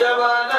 Devana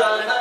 쌀